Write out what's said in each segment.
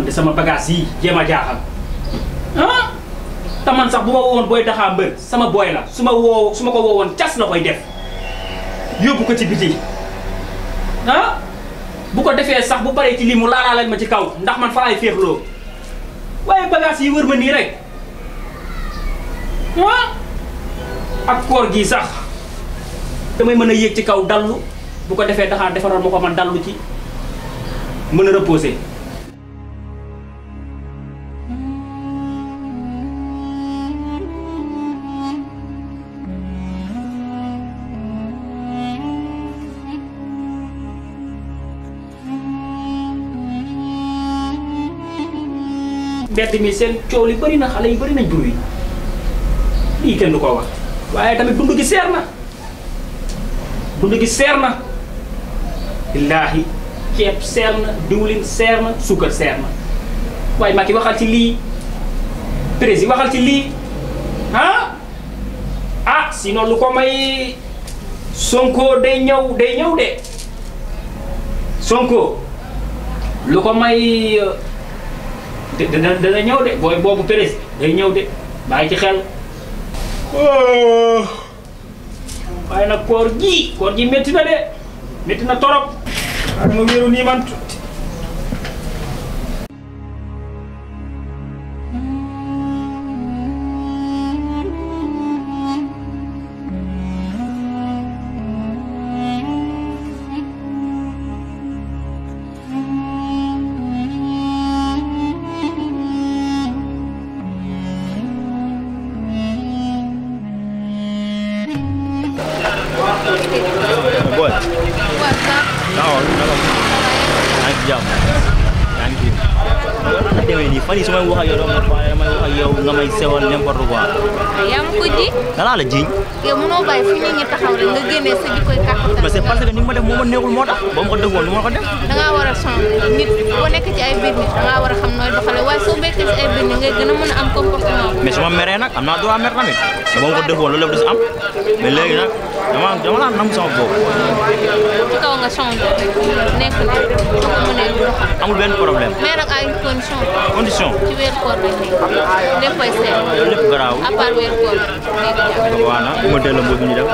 man de sama bagage yi jema jaxal han ta man sax buma wowon boy daxa mbeur sama boy la suma wo suma ko wowon tias la koy def yobou ko ci biti han bu ko defé ya, sax bu bari ci limu la lañ ma ci kaw ndax man fa lay fexlo waye bagage yi wërma ni rek han ak koor gi sax iya damay mëna yegg ci kaw dalu bu ko defé daxa defaron ya, mako man dalu ci mëna reposer eh. mbedd mi sen coow li bëri xale yi bëri nañ bruit lii kenn du ko waaye tamit dund gi seer na dund gi seer na billaahi ceeb seer na diwlin seer na suukar seer na waaye Macky waxal ci lii président waxal ci lii ah ah sinon lu ko may Sonko day ñëw day ñëw de Sonko lu ko may euh, dana dana ñëw de booy boobu presse day ñëw de bàyyi ci xel. waaye nag koor gi koor gi métti na de métti na torop. ak ma wéeru nii man. Boy. What's up? waaw naka ma. maa ngi ci jàmm. yaa ngi fi. loolu la demee nii fan yii su may wax ak yow damay wax ak yow nga may sewal n'importe quoi. yaa ma ko danaa la jiiñ. yow mënoo bàyyi fu nit ñi taxaw rek nga génnee sa jikkoy kàkkatar. mais c'est parce que ni ma def moo ma neexul moo tax ba ma ko def woon ni ma ko def. da ngaa war a changer nit boo nekk ci ay biir nit da ngaa a xam nooy doxalee waaye soo béykat ci ay biir nit ngay gën a mën a am comportement. mais su ma meree nag am naa droit mer tamit te ba ma ko nag amul benn problème. mais nag ay condition condition ci weeru koor bi léppay seet. lépp garaaw à part waaw modèle la boobu ñu def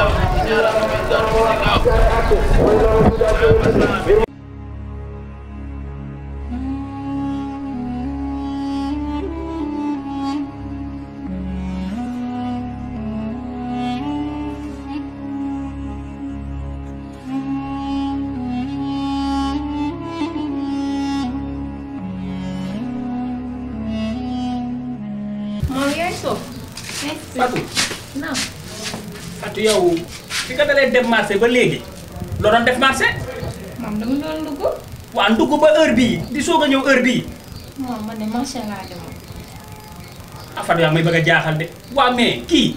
naam. Fatou yow fi nga dalee dem marché ba léegi loo def marché. moom dama doon ndugg. waaw ndugg ba heure bii di soog a ñëw heure bii. waaw man de yaa may bëgg a jaaxal de. waaw mais kii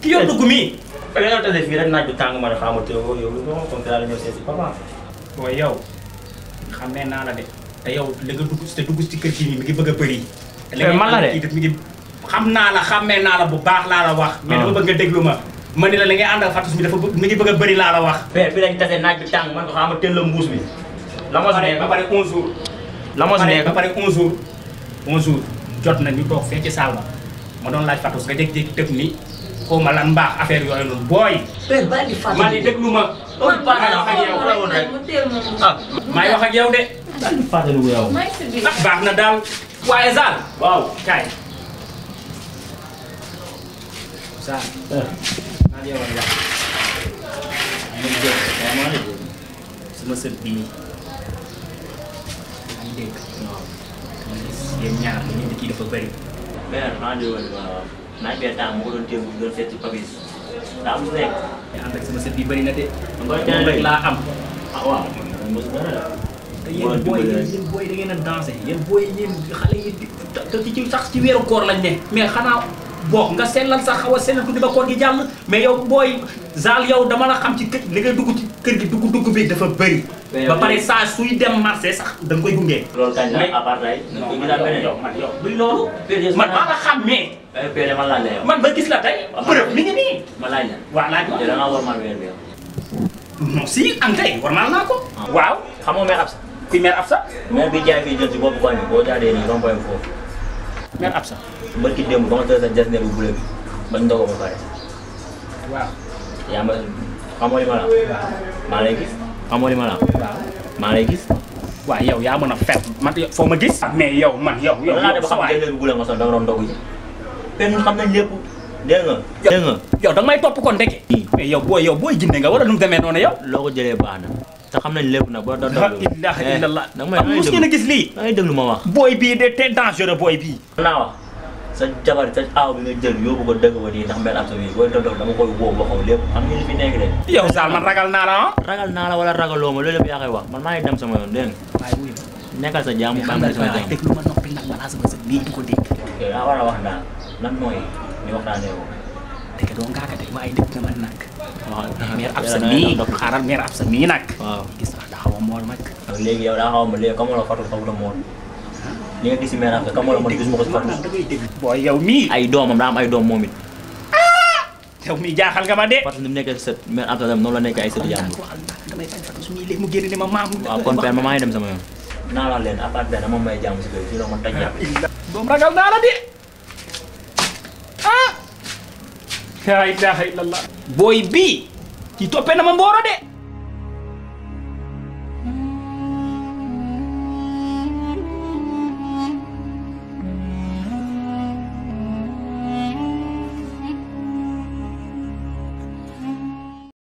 ki yor ndugg mi. ba nga doon tase fii naaj bi tàng ma ne xaaral ma teewoo yow lu xam ne naa la de te yow li nga dugg te dugg ci kër gi mi ngi bëgg a bëri. man la de xam naa la xàmmee naa la bu baax laa la wax. mais dama ah. bëgg nga déglu ma. ma ni la li ngay àndal Fatou mi dafa mi ngi bëgg a bëri laa la wax. mais bi lañ tase naaj bi tàng man ko xam nga teel la mbuus bi. la ma su nekk ba pare 11 jours. la ma su nekk ba pare 11 jours. 11 jours jot na ñu toog fee ci saal ma doon laaj Fatou nga jékki-jékki tëb ni xaw ma lan mbaax affaire yooyu noonu booy. teel ba indi Fatou ma ni déglu ma. man oh, maa ngi wax ak yow ah maa ngi wax ak yow de. maa ngi fàttaliku ah, yow. baax na daal waaye Zal. waaw kay sa nadiya walla mun je dama da gobe su masabbi ne dai yan yara ne da ke da babari bayan nadiya walla na biya ta mu don te mu don fetu pabis da mu ne ya an da su masabbi bari na dai mun bai la am a wa mun bai te yéen boo nga sellal sax xaw a sellal ko di ba koor gi jàll mais yow booy zaal yow dama la xam ci kër li ngay dugg ci kër gi dugg dugg bi dafa bëri. ba pare saa suy dem marché sax da koy gunge. loolu kañ la apartheid. non man yow man yow luy loolu. man maa la xam mais. Eh, man laaj la man ba gis la tey. preuve mi ngi nii. ma laaj si am tey naa naa ko. Ah. waaw xamoo nga mère Absa. kuy mère Absa. mère bi jaay bi jël ci bopp koñ boo jaadee nii rond point foofu. mère Absa. barki démb ba ma tëdd sa jasneer bu bule bi bañ ndogoo ba pare. waaw. yaa ma xamoo li ma la maa lay gis xamoo li ma la maa lay gis. waaw yow yaa mën a fet man foo ma gis. Ah, mais yow man yow yow yow sa waay yow bu bule ma sol da nga doon ndogu ji. kenn xam nañ lépp dégg nga. dégg nga yow da nga may topp kon ndeke. mais yow booy yow booy ginde nga war a nu mu demee noonu yow. loo ko jëlee baax na. te xam nañ lépp nag boo doon doon ilaaha eh, illallah. da nga may déglu mos ngeen a gis lii. da ngay déglu ma wax. booy bii de te dangereux booy bii. naa wax. sa jabar sa aaw bi nga jël yóbbu ko dëgg ba nii ndax mel am sa man ragal naa la ah. ragal naa la wala ragaloo ma loolu yëpp wax man maa ngi dem sa jaamu. xam nga sama jaamu déglu ma noppi nag bii di ko dégg. yow daa a wax daal lan mooy ni sa mii gis naa daa xaw a mool léegi yow daa xaw a mool léegi comme la fatul xaw la mool ñi gis mère ka mo la mo gis boy yow mi ay domam da am ay dom momit yow mi jaaxal nga ma de nim nekk set mère anta non la nekk ay set jamm damay fañ fañ suñu lé mu génn ma mamu waaw kon ben dem sama yoon naa la leen apat ben mom may jamm ci kër ci la mo taj japp dom ragal la ah la ilaha illallah boy bi ci topé na ma mboro de